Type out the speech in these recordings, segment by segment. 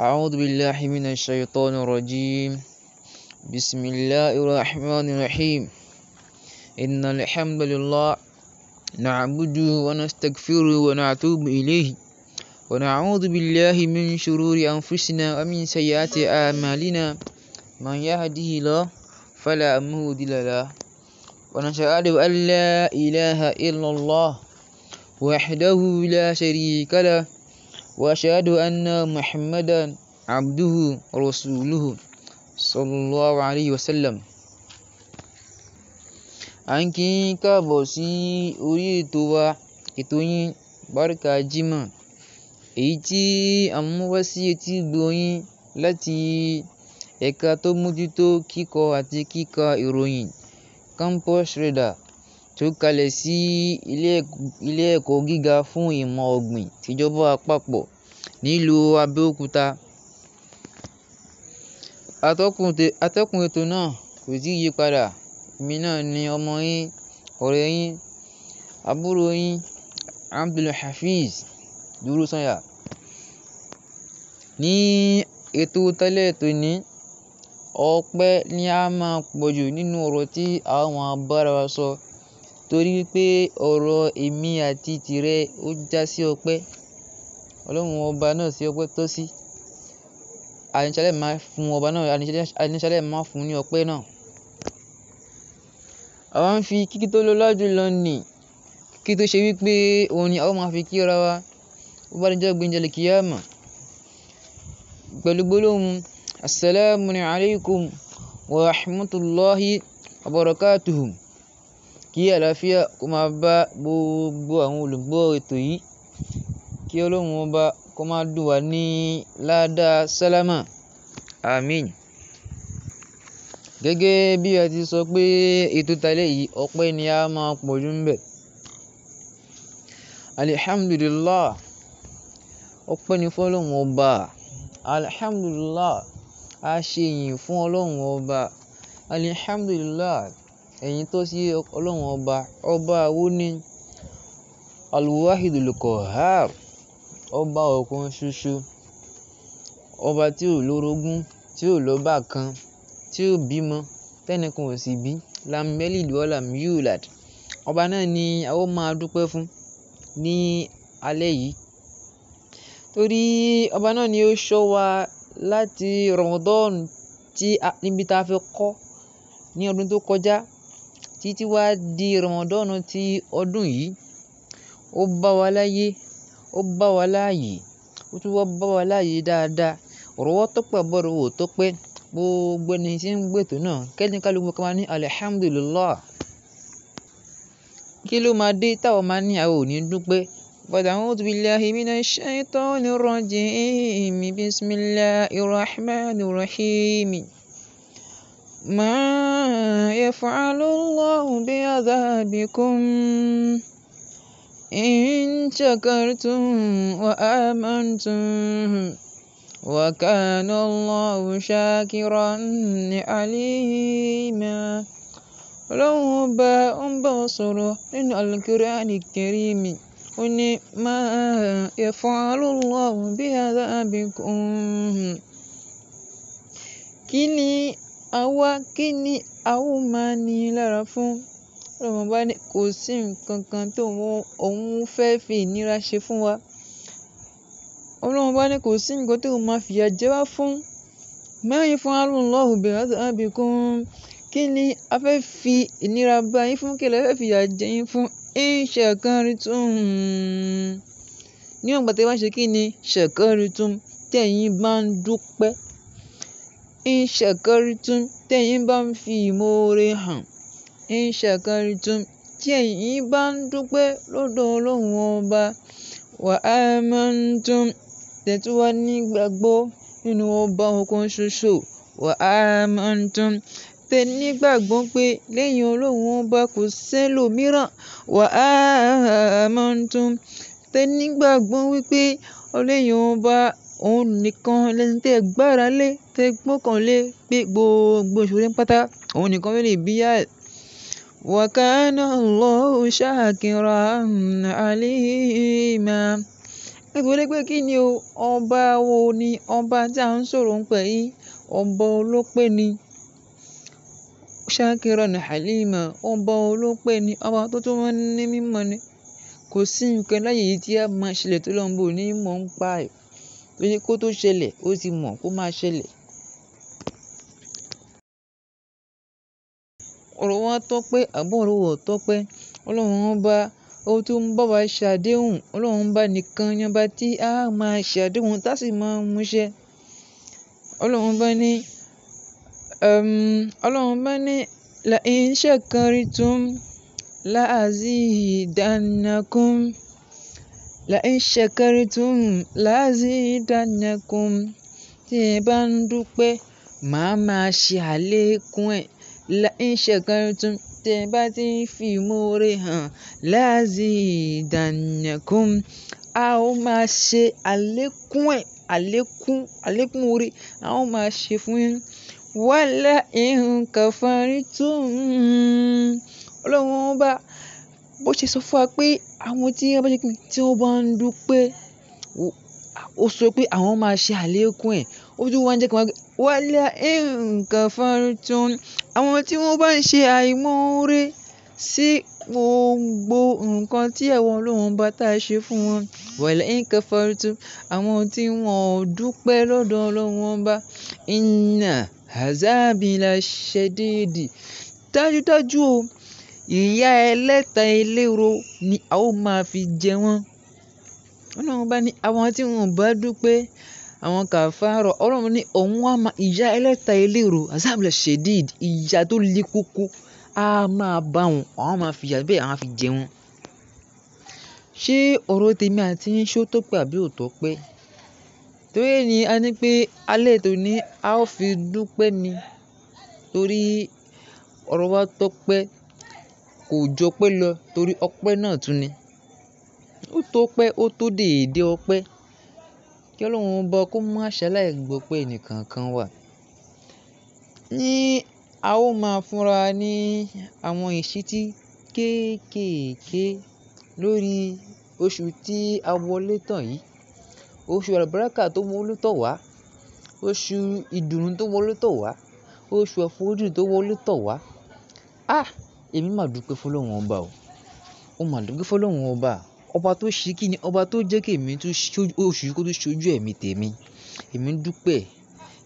أعوذ بالله من الشيطان الرجيم بسم الله الرحمن الرحيم إن الحمد لله نعبده ونستغفره ونتوب إليه ونعوذ بالله من شرور أنفسنا ومن سيئات أعمالنا من يهده الله فلا مضل له ونشهد أن لا إله إلا الله وحده لا شريك له وأشهد أن محمدا عبده ورسوله صلى الله عليه وسلم à ń kí yín káàbọ̀ sí orí ètò wa ètò yín Barika Jimoh èyí tí à ń mú wá láti ẹ̀ka tó mójútó kíkọ àti kíka ìròyìn campus radar tó kalẹ̀ sí ilé ẹ̀kọ́ gíga fún ìmọ̀ ọ̀gbìn tìjọba àpapọ̀ nílùú Abẹ́òkúta. Atọ́kùn ètò náà kò tíì yípadà. Èmi náà ni ọmọ yín, ọ̀rẹ́ yín, àbúrò yín Abdulhafiz Dúrósanyà. Ní ètò tẹ́lẹ̀ tòní, ọpẹ́ ni a máa pọ̀jù nínú ọ̀rọ̀ tí a máa bára wa torí wípé ọ̀rọ̀ èmi àti tìrẹ ó já sí ọpẹ́. Ọlọ́run ọba náà sí ọpẹ́ tó sí. Àníṣálẹ̀ máa fún ọba náà, àníṣálẹ̀ máa fún ní ọpẹ́ náà. Àwa ń fi kíkí tó lọ́lá jùlọ ní, kíkí tó ṣe wípé òun ni a máa fi kí wa. Bo bá dijọ́ gbéǹde àlìkìyámà. Pẹ̀lú gbólóhùn Assalamu alaykum wa rahmatullahi wa barakatuhu. Kí àlàáfíà kó máa bá gbogbo àwọn olùgbọ́ ètò yìí. Kí Ọlọ́run ọba kó máa dùn wá ní ládá sálámà. Àmín. Gẹ́gẹ́ bí a ti sọ pé ètò talẹ́ yìí ọpẹ́ ni a máa pọ̀jù ń bẹ. Alhamdulillah. Ọpẹ́ ni fún Ọlọ́run ọba. Alhamdulillah. A ṣe ìyìn fún Ọlọ́run ọba. Alhamdulillah ẹ̀yin tó sí Ọlọ́run ọba, ọba wo ni Al-Wahidul Qahhar, ọba ọ̀kan ṣoṣo, ọba tí ò lórogún, tí ò lọ́bàkan, tí ò bímọ, tẹ́nìkan ò sì bí. Lam yalid walam yulad. Ọba náà ni a ó máa dúpẹ́ fún ní alẹ́ yìí. Torí ọba náà ni ó ṣọ́ wa láti Ramadan tí níbi ta fi kọ́ ní ọdún tó kọjá títí wá di Ramadan ti ọdún yìí. Ó bá wa láyé, ó bá wa láàyè, ó tún wá bá wa láàyè dáadáa. Ọ̀rọ̀ wa tọ́pẹ́ àbọ̀rọ̀ wò tọ́pẹ́. Gbogbo ẹni tí ń gbétò náà kẹ́ni kálukú ká máa ní Alhamdulillah. Kí ló máa dé táwa máa ní àwa ò ní dúpẹ́? But a'udhu billahi minash shaitanir rajim. Bismillahir rahim. ما يفعل الله بعذابكم إن شكرتم وآمنتم وكان الله شاكرا عليما لو باء بصره من القرآن الكريم ما يفعل الله بعذابكم كني Àwa kí ni a ó máa ni lára fún? Ọlọ́run Ọba ní kò sí nǹkan kan tóun òun fẹ́ fi ìnira ṣe fún wa. Ọlọ́run Ọba ní kò sí nǹkan tóun máa fìyà jẹ wá fún. Mā yafʿalullāhu biʿadābikum. Kí ni a fẹ́ fi ìnira bá yín fún? Kí lẹ fẹ́ fìyà jẹ yín fún? In shakartum. Níwọ̀n ìgbà tí ẹ ṣe kí ni? Shakartum. Tí ẹ̀yin bá ń dúpẹ́. In shakartum tí ẹ̀yin bá ń fi ìmoore hàn, In shakartum tí ẹ̀yin bá ń dúpẹ́ lọ́dọ̀ Ọlọ́run Ọba, wa amantum tẹ̀ tún wá ní ìgbàgbọ́ nínú Ọba ọ̀kan ṣoṣo, wa amantum tẹ̀ ní ìgbàgbọ́ pé lẹ́yìn Ọlọ́run Ọba kò sẹ́lòmíràn, wa amantum tẹ̀ ní ìgbàgbọ́ wípé lẹ́yìn Ọba òun nìkan lẹni tí ẹ gbára lé, tí ẹ gbọ́kàn lé pé gbogbo ìṣòro yín pátá, òun nìkan ló lè bíyà ẹ. Wa kana Allahu shakiran alima. Nítorí pé kí ni o, ọba wo ni ọba tí à ń sọ̀rọ̀ ń pẹ̀ yìí, ọba olópé ni. Shakiran alima, ọba olópé ni, ọba tó tún mọ́ ní mímọ̀ ni. Kò sí ǹkan láyé yìí tí a máa ṣẹlẹ̀ tó lọ́hun ní mọ̀ ń pa ẹ̀. Torí kó tó ṣẹlẹ̀, ó ti mọ̀ kó máa ṣẹlẹ̀. Ọ̀rọ̀ wa Tọ́pẹ́, àbọ̀ ọ̀rọ̀ wọ̀ Tọ́pẹ́. Ọlọ́run ọba, ó tún ń bá wa ṣe àdéhùn. Ọlọ́run ọba nìkan ni ọba tí a máa ṣe àdéhùn tá sì máa mú Ọlọ́run ọba ní, Ọlọ́run ọba ní, "La'in shakartum la'azidannakum." La'in shakartum lazidannakum. Tí ẹ bá ń dúpẹ́, màá máa ṣe àlékún ẹ̀. La'in shakartum. Tí ẹ bá ti ń fi imore hàn, lazidannakum. A ó máa ṣe àlékún ẹ̀, àlékún, àlékún oore. A ó máa ṣe fún yin. Wa la'in kafartum. Ọlọ́run Ọba bó ṣe sọ fún wa pé àwọn tí wọ́n bá ṣe kíni tí wọ́n bá ń dúpẹ́, ó sọ pé àwọn máa ṣe àlékún ẹ̀. Ó tún wá ń jẹ́ kí wa pé wá lá ǹkan farutun. Àwọn tí wọ́n bá ń ṣe àìmọ́ore sí gbogbo nǹkan tí ẹ̀wà Ọlọ́run bá tá ṣe fún wọn. Wà lá ǹkan Àwọn tí wọ́n dúpẹ́ lọ́dọ̀ Ọlọ́run bá. Iná àzábí la Dájúdájú o, ìyá ẹlẹ́ta eléro ni a ó máa fi jẹ wọ́n. Ọlọ́run bá ní àwọn tí wọn ò bá dúpẹ́ àwọn kàfárọ̀. Ọlọ́run ní òun á máa ìyá ẹlẹ́ta eléro azabla shedid ìyá tó le koko a máa bá wọn, àwọn máa fi ìyà bẹ́ẹ̀ àwọn á fi jẹ wọ́n. Ṣé ọ̀rọ̀ tèmi àti yín ṣé tó pé àbí ò tó Torí ni a ní pé alẹ́ tòní a ó fi dúpẹ́ ni torí ọ̀rọ̀ wa tó pé kò ju ọpẹ́ lọ torí ọpẹ́ náà tún ni. Ó tó pẹ́, ó tó dèédé ọpẹ́. Kí Ọlọ́run ọba kó má ṣaláì gbọ́pẹ́ ẹnì kankan wà. Ní a ó máa fúnra ní àwọn ìṣítí kéékèèké lórí oṣù tí a wọlé tán yìí. Oṣù àlùbáríkà tó wọlé tọ̀ wá, oṣù ìdùnnú tó wọlé tọ̀ wá, oṣù àforíjì tó wọlé tọ̀ wá. Ah! Èmi máa dúpẹ́ fún Ọlọ́run ọba o. Mo máa dúpẹ́ fún Ọlọ́run ọba. Ọba tó ṣe kíni, ọba tó jẹ́ kí èmi tún oṣù yìí kó tún ṣojú ẹ̀mí tèmi. Èmi ń dúpẹ́,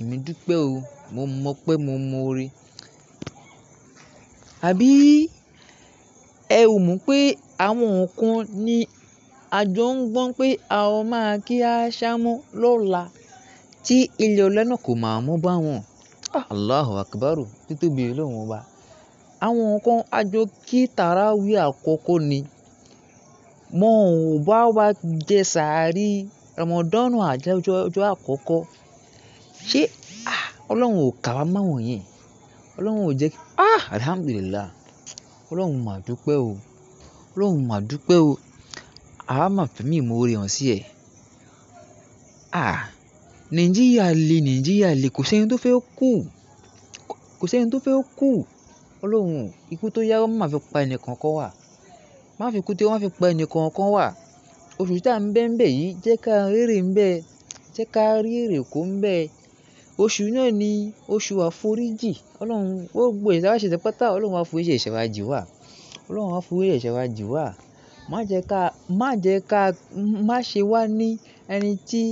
èmi ń dúpẹ́ o. Mo mọ̀ pé mo mọ ore. Àbí ẹ ò mọ̀ pé àwọn kan ní àjọ ń gbọ́n pé a máa kí a ṣámọ́ lọ́la tí ilẹ̀ ọ̀la kò máa mọ́ bá wọn. Allahu Títóbi Ọlọ́run ọba àwọn nǹkan àjọ kí tàràwí àkọ́kọ́ ni. Mọ̀ ọ́n bá wá jẹ sàárì Ramadan àjẹ́ ọjọ́ àkọ́kọ́. Ṣé ah Ọlọ́run ò kà wá mọ́ wọ̀nyẹn? Ọlọ́run ò jẹ́ kí ah Alhamdulillah. Ọlọ́run mà dúpẹ́ o. Ọlọ́run mà dúpẹ́ o. Àwa mà fẹ̀mí ìmoore hàn sí ẹ. Ah Nàìjíríà le Nàìjíríà le kò sí ẹni tó fẹ́ kú. Kò sí tó fẹ́ kú. Ó lóhùn, ikú tó yáwọ́ má fi pa ẹnì kankan wà. Má fi ikú tó yáwọ́ má fi pa ẹnì kankan wà. Oṣù tá ń bẹ́ ń bẹ̀ yìí jẹ́ ká rérè ń bẹ, jẹ́ ká rí èrè kó ń bẹ. Oṣù náà ni oṣù àforíjì. Ọlọ́run gbogbo ẹ̀ṣẹ̀ tá bá ṣẹ̀ pátá, Ọlọ́run á forí ẹ̀ṣẹ̀ wa jì wá. Ọlọ́run á forí ẹ̀ṣẹ̀ wa jì wá. Má jẹ́ ká, má jẹ́ ká, má ṣe wá ní ẹni tí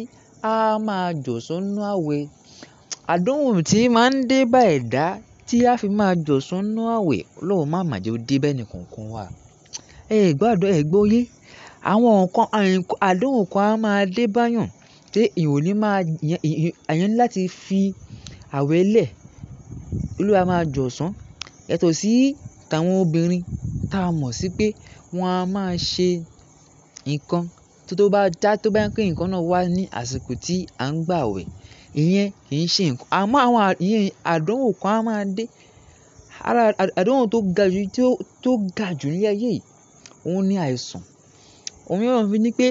a máa jọ̀sọ́ nínú àwẹ̀. Àdánwò tí máa ń dé bá ẹ̀dá tí a fi máa jọ̀sún nínú àwẹ̀. Ọlọ́run má mà jẹ́ ó dé bá ẹni kankan wa. Ẹ gbádùn, ẹ gbọ́yé. Àwọn nǹkan, àdánwò kan a máa dé bá tí èèyàn ní máa, èèyàn ní láti fi àwẹ̀ lẹ̀. Olúwa máa jọ̀sún. Yàtọ̀ sí tàwọn obìnrin tá a mọ̀ sí pé wọ́n a máa ṣe nǹkan tó bá já, tó bá ń pé nǹkan náà wà ní àsìkò tí à ń gbà àwẹ̀. Ìyẹn kì í ṣe nǹkan, àmọ́ àwọn ìyẹn àdánwò kan a máa dé. Ara àdánwò tó ga jù tó ga jù ní ayé yìí, òun ni àìsàn. Òun ni Ọlọ́run fi ní pé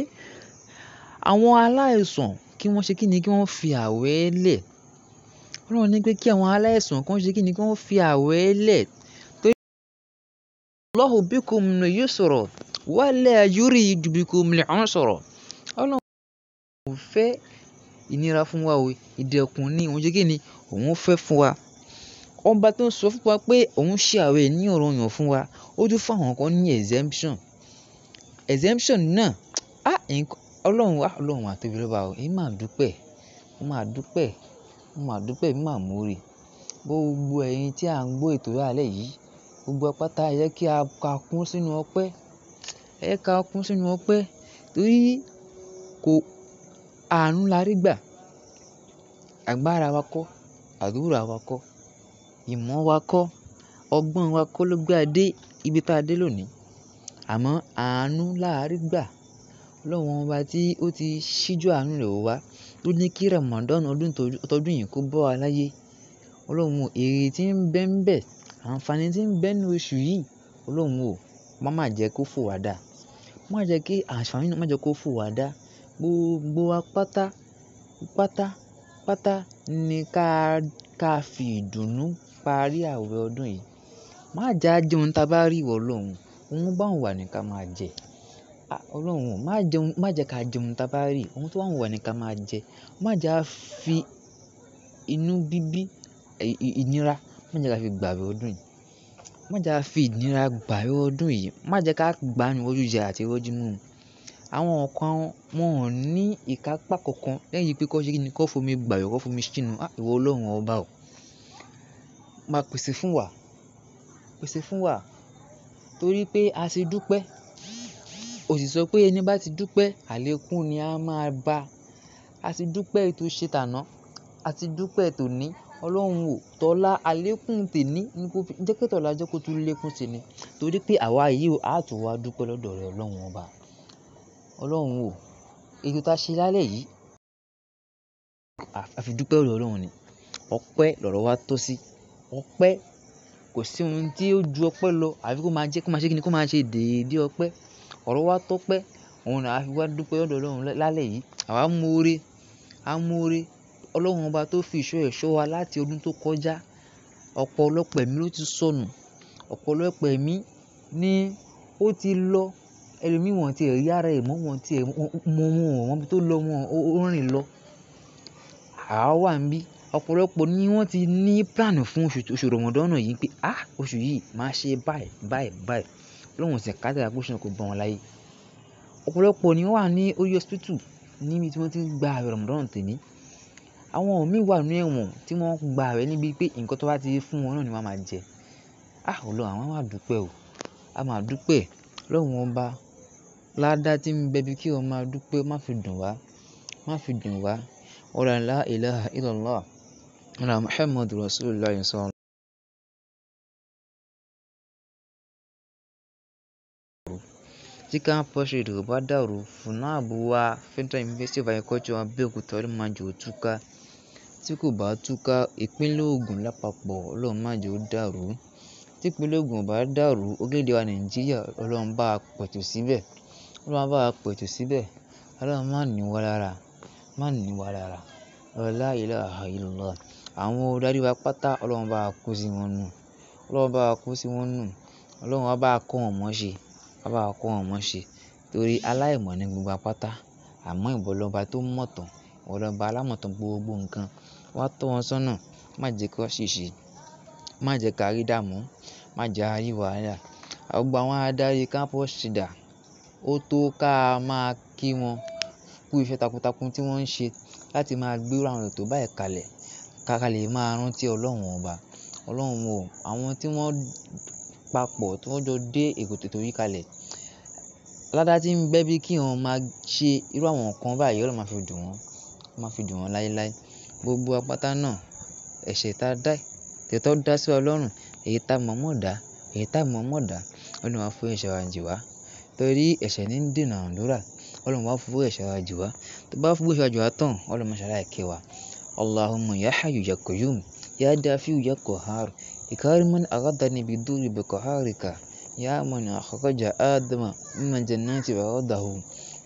àwọn aláìsàn kí wọ́n ṣe kín ni kí wọ́n fi àwẹ̀ lẹ̀. Ọlọ́run ní pé kí àwọn aláìsàn kan ṣe kín ni kí wọ́n fi àwẹ̀ lẹ̀. Torí Allahu bikum al-yusra wala yuridu bikum al-usra. Ọlọ́run ò fẹ́ ìnira fún wa o, ìdẹ̀kùn ni òun jẹ́ ni òun fẹ́ fún wa. Ọba tó ń sọ fún wa pé òun ṣe àwẹ̀ ní ọ̀ranyàn fún wa, ó tún fún àwọn kan ní exemption. Exemption náà, á nǹkan Ọlọ́run á Ọlọ́run máa tóbi lọ́ba o, èmi máa dúpẹ́, mo máa dúpẹ́, mo máa dúpẹ́, èmi máa mórè. Gbogbo ẹ̀yin tí à ń gbọ́ ètò lálẹ́ yìí, gbogbo wa pátá kí a ka kún sínú ọpẹ́, ẹ ká kún sínú ọpẹ́ torí kò àánú la rí gbà. Agbára wa kọ́, àdúrà wa kọ́, ìmọ̀ wa kọ́, ọgbọ́n wa kọ́ ló gbé a ibi tí a dé lónìí. Àmọ́ àánú la rí gbà. Ọlọ́run ọba tí ó ti ṣíjú àánú rẹ̀ wò wá, tó ní kí Ramadan ọdún tọdún yìí kó bọ́ wa láyé. Ọlọ́run o, èrè tí ń bẹ́ ń bẹ̀, àǹfààní tí ń bẹ́ nínú oṣù yìí, Ọlọ́run o, má má jẹ kó fò wá dà. Má jẹ kí àǹfààní náà má jẹ kó fò wá dà. Gbogbo wa pátá, pátá, pátá ni ká, ká fi ìdùnnú parí àwẹ̀ ọdún yìí. Má jẹ à jẹun ta bá rí iwọ Ọlọ́run, ohun bá wùn wá ni ká máa jẹ. À Ọlọ́run, má jẹun, má jẹ ká jẹun ta bá rí, ohun tó bá wùn wá ni ká máa jẹ. Má jẹ à fi inú bíbí, ìnira, má jẹ ká fi gbàwẹ̀ ọdún yìí. Má jẹ à fi ìnira gbàwẹ̀ ọdún yìí. Má jẹ ká gbánu rójú jẹ àti rójú mímu. Àwọn kan wọn ò ní ìkápá kankan lẹ́yìn pé kó ṣe kíni, kó fomi gbàwẹ̀, kó fomi ṣínu. Á ah, ìwọ Ọlọ́run ọba o. Máa pèsè fún wa, pèsè fún wa torí pé a ti dúpẹ́. O sì sọ pé ẹni bá ti dúpẹ́, àlékún ni a máa bá. A ti dúpẹ́ èyi to a ti dúpẹ́ tòní. Ọlọ́run o, tọ́lá àlékún tèní ni kó fi jẹ́ kí tọ́lá jẹ́ kó tún lékún tèní torí pé àwa yìí o, a dúpẹ́ lọ́dọ̀ rẹ Ọlọ́run ọba. Ọlọ́run o, ètò ta ṣe lálẹ́ yìí, a fi dúpẹ́ lọ́dọ̀ Ọlọ́run ni. Ọpẹ́ lọ̀rọ̀ wa tọ́ sí. Ọpẹ́ kò sí ohun tí ó ju ọpẹ́ lọ àfi kó máa jẹ́ kó máa ṣe kíni kó máa ṣe déédé ọpẹ́. Ọ̀rọ̀ wa tọ́pẹ́, òun ni a fi wá dúpẹ́ lọ́dọ̀ Ọlọ́run lálẹ́ yìí. Àwa mú oore, a mú oore. Ọlọ́run ọba tó fi ìṣọ́ ẹ̀ ṣọ́ wa láti ọdún tó kọjá. Ọ̀pọ̀lọpọ̀ ẹ̀mí ló ti sọnù, ọ̀pọ̀lọpọ̀ ẹ̀mí ni ó ti lọ ẹlòmíì wọ́n ti ẹ̀ rí ara ẹ̀ mọ́, wọ́n ti ẹ̀ mọ wọn ò mọ ibi tó lọ, wọn ó rìn lọ. Àwa wà níbí, ọ̀pọ̀lọpọ̀ ni wọ́n ti ní plan fún oṣù Ramadan yìí pé "áà oṣù yìí màá ṣe báyìí, báyìí, báyìí." Ọlọ́run sì kádàrá pé oṣù náà kò bá wọn láyé. Ọ̀pọ̀lọpọ̀ ni wọ́n wà ní orí hospital níbi tí wọ́n ti ń gba àwẹ̀ Ramadan tèmi. Àwọn òmíì wà nínú ẹ̀wọ̀n tí wọ́n ń gba àwẹ̀ níbí pé nǹkan tó bá ti fún wọn náà ni wọ́n máa jẹ. Ah! Ọlọ́run, àwa máa dúpẹ́ o. A máa dúpẹ́. Ọlọ́run ọba Ládá tí ń bẹ bí kí o máa dúpẹ́, má fi dùn wá, má fi dùn wá. Wa la ilaha illallah. Wa Muhammadur Rasulullah Sallallahu Chicken portrait ò bá dàrú, FUNAAB wa Federal University of Agriculture Abẹ́òkúta Ọlọ́run máa jẹ́ ó túká. Tí kò bá túká, ìpínlẹ̀ Ògùn lápapọ̀ Ọlọ́run má jẹ́ dàrú. Tí ìpínlẹ̀ Ògùn bá dàrú, orílẹ̀ wa Nàìjíríà Ọlọ́run bá a pètò síbẹ̀. Ọlọ́run bá wa pètù síbẹ̀. Ọlọ́run má ní wa lára, má ní wa lára. La ilaha illallah. Àwọn olùdarí wa pátá Ọlọ́run bá wa kó sí wọn nù. Ọlọ́run bá wa kó sí wọn nù. Ọlọ́run wa bá wa kó wọn mọ́ ṣe, wa bá wa kó wọn mọ́ ṣe. Torí aláìmọ̀ ni gbogbo wa Àmọ́ ìwọ lọba tó mọ̀ tán, ìwọ lọba gbogbo nǹkan. Wá tọ́ wọn sọ́nà, má jẹ kí ṣìṣe, má jẹ kárí dààmú, má jẹ a rí wàhálà. Gbogbo àwọn adarí campus leader ó tó ká máa kí wọn kú iṣẹ́ takuntakun tí wọ́n ń ṣe láti máa gbérù àwọn ètò báyìí kalẹ̀ ká lè máa rántí Ọlọ́run Ọba. Ọlọ́run o, àwọn tí wọ́n papọ̀ tí wọ́n jọ dé ètò yìí kalẹ̀. Ládá tí ń bẹ́ bí kí eeyan máa ṣe irú àwọn nǹkan báyìí Ọlọ́run máa fi dùn wọ́n, máa fi dùn wọ́n láéláé. Gbogbo wa pátá náà, ẹ̀ṣẹ̀ ta dá, èyí tó dá sí wa lọ́rùn, èyí ta mọ̀ọ́mọ̀ dá, èyí ta mọ̀ọ́mọ̀ dá, Ọlọ́run máa forí ẹ̀ṣẹ̀ wa jì torí ẹ̀ṣẹ̀ ní ń dènà àdúrà. Ọlọ́run wá fowó ẹ̀ṣẹ̀ wa jì wá. Tó bá fowó ẹ̀ṣẹ̀ wa jì wá tán, Ọlọ́run máa ṣàlàyé kẹ́ wa. Allahumma ya hayyu ya qayyum, ya dafi'u ya qahhar, ikariman aghathani biduri bi qaharika, ya man akhraja adama min jannati wa radahu,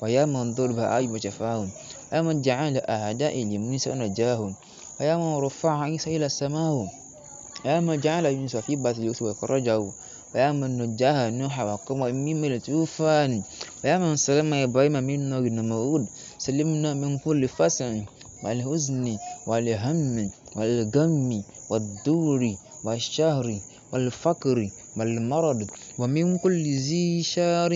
wa ya man daraba ayuba shafahu, wa ya man ja'ala a'da'i li musa najahum, wa ya man rafa'a isa ila samahu. يا من جعل يوسف في بطن يوسف ويخرجه ويا من نجاه نوح وقومه من الطوفان ويا من سلم إبراهيم من نار نمرود سلمنا من كل فصل والحزن والهم والغم والدور والشهر والفقر والمرض ومن كل ذي شار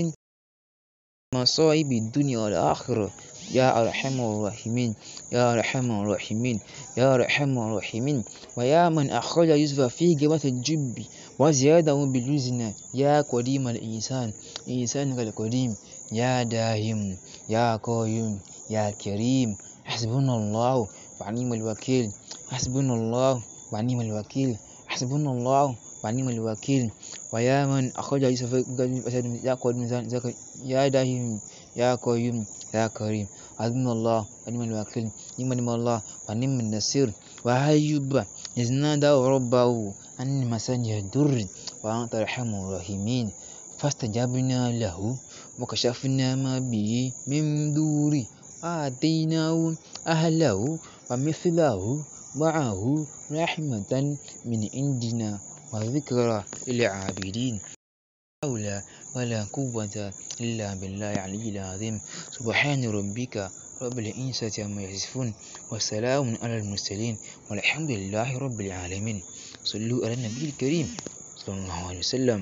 مصائب الدنيا والآخرة يا أرحم الراحمين يا أرحم الراحمين يا أرحم الراحمين ويا من أخرج يوسف في جبة الجب وزياده بالوزن يا قديم الإنسان إنسان القديم يا داهم يا قيوم يا كريم حسبنا الله ونعم الوكيل حسبنا الله ونعم الوكيل حسبنا الله ونعم الوكيل ويا من أخرج يوسف في يا قديم يا داهم يا قيوم يا كريم حسبنا الله ونعم الوكيل نعم نعم الله ونعم النصير وأيوب إذ نادى ربه أني مسني الضر وأنت أرحم الراحمين فاستجبنا له وكشفنا ما به من دوري وآتيناه أهله ومثله معه رحمة من عندنا وذكرى للعابدين حول ولا قوة إلا بالله العلي العظيم سبحان ربك رب العزة عما يصفون وسلام على المرسلين والحمد لله رب العالمين صلوا على النبي الكريم صلى الله عليه وسلم